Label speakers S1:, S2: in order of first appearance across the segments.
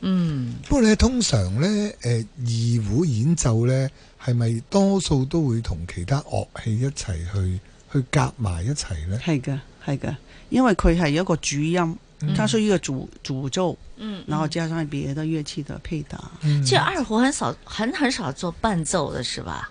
S1: 嗯，不過你通常咧，誒、呃、二胡演奏咧係咪多數都會同其他樂器一齊去去夾埋一齊咧？係嘅，係嘅，因為佢
S2: 係一個主音，加上一個主主奏，嗯，然後加上別的樂器的
S3: 配搭、嗯。其實二胡很少，很很少做伴奏的，是吧？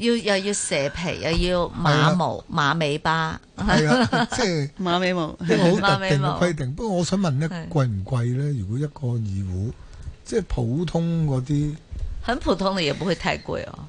S3: 要又要蛇皮又要馬毛的馬尾巴，係啊，即係馬尾毛，好特定嘅規定。
S1: 不過我想問咧，貴唔貴咧？如果一個二胡，的即係普通嗰啲，
S3: 很普通的也不會太貴哦、啊。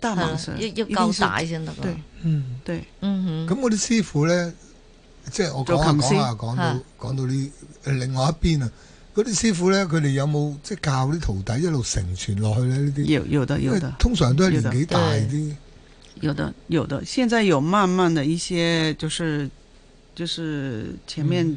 S1: 得啊、嗯，要要夠大先得咯。嗯，對，嗯哼。咁嗰啲師傅咧，即係我講下講講到講到呢，另外一邊啊，嗰啲師傅咧，佢哋有冇即係教啲徒弟一路承傳落去咧？呢啲有，有的有的，有的通常都係年紀大啲。有的
S2: 有的，現在有慢慢嘅一些，就是就是前面，嗯。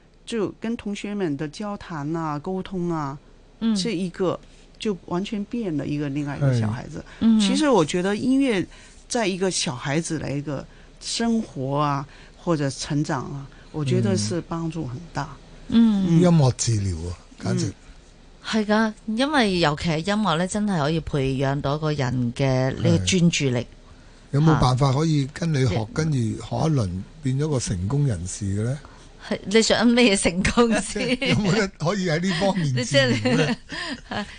S2: 就跟同學們的交談啊、溝通啊，是嗯，這一個就完全變了一個另外一個小孩子。其實我覺得音樂在一個小孩子的一個生活啊
S3: 或者成長啊，我覺得是幫助很大。嗯，
S1: 嗯音樂治療啊，簡直
S3: 係噶、嗯，因為尤其係音樂咧，真係可以培養到一個人
S1: 嘅呢個專注力。有冇辦法可以跟你學，跟住學一輪變咗個成功人士嘅咧？
S3: 你想咩成功先？
S1: 可以喺呢方面？即係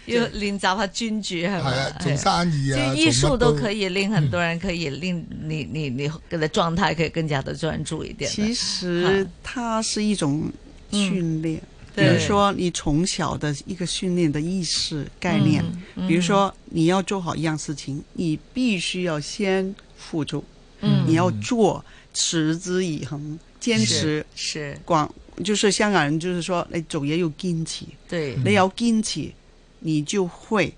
S3: 要練習下專注係咪？係啊，做、啊、生意啊，啲藝術都可以令很多人可以令你、嗯、你你嘅狀態可以更加的專注一點。其實，
S2: 它是一種訓練。嗯、比如說，你從小的一個訓練的意識概念，嗯、比如說你要做好一樣事情，嗯、你必須要先付出，嗯、你要做，持之以恒。堅持是，廣就是香港人，就是說你做嘢要有堅持，對，嗯、你要堅持，你就會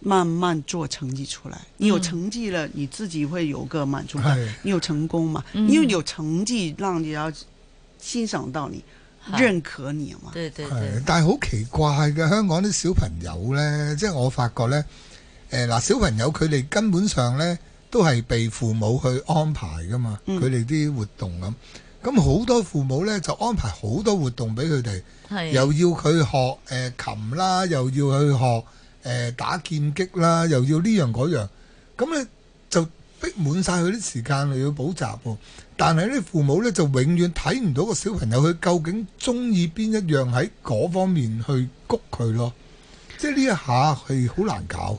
S2: 慢慢做成績出來。你有成績了，嗯、你自己會有個滿足感。你有成功嘛？因、嗯、為有成績，讓你要欣賞到你，認可你嘛。對對對，但
S1: 係好奇怪嘅，香港啲小朋友呢，即係我發覺呢，嗱、呃，小朋友佢哋根本上呢，都係被父母去安排噶嘛，佢哋啲活動咁。咁好多父母咧就安排好多活動俾佢哋，又要佢學誒、呃、琴啦，又要去學誒、呃、打劍擊啦，又要呢樣嗰樣，咁咧就逼滿晒佢啲時間嚟要補習喎。但係呢，父母咧就永遠睇唔到個小朋友，佢究竟中意邊一樣，喺嗰方面去谷佢咯，即係呢一下係好難搞。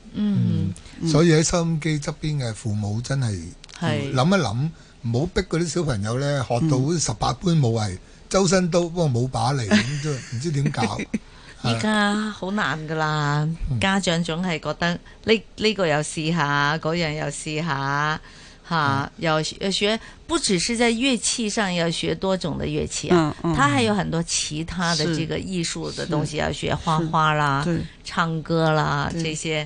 S1: 嗯,嗯，所以喺收音機側邊嘅父母真係諗、嗯嗯、一諗，唔好逼嗰啲小朋友咧，學到十八般武藝，嗯、周身刀,沒把 都不過冇把利，咁都唔知點搞。而家
S3: 好難噶啦、嗯，家長總係覺得呢呢個又試下，嗰樣又試下，吓、啊、又、嗯、學，不只是在樂器上要學多種的樂器啊，他、嗯嗯、還有很多其他的這個藝術的東西要學，畫畫啦、唱歌啦這些。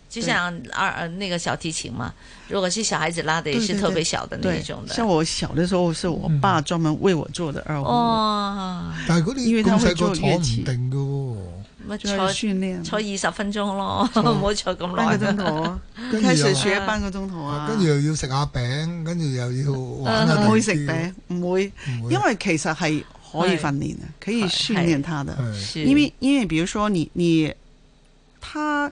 S3: 就像二、啊、那個小提琴嘛，如果是小孩子拉的，也是特別小的那一種的。像
S2: 我小的時候，是我爸專門為我做的二胡、嗯。哦。因
S3: 為他會做但係嗰啲咁細個坐唔
S1: 定噶。咪坐算
S3: 咧，坐二十分鐘咯，唔好坐咁耐個鐘頭。跟 住又開始學半個鐘頭啊。跟、啊、住
S1: 又要食下餅，跟住又要玩下。唔、嗯、會食餅，
S2: 唔會,會，因為其實係可以訓
S1: 練啊，可以訓練
S2: 他的。因為因為比如說你你他。